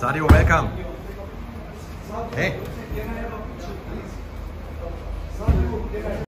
Sadio, welcome. Hey.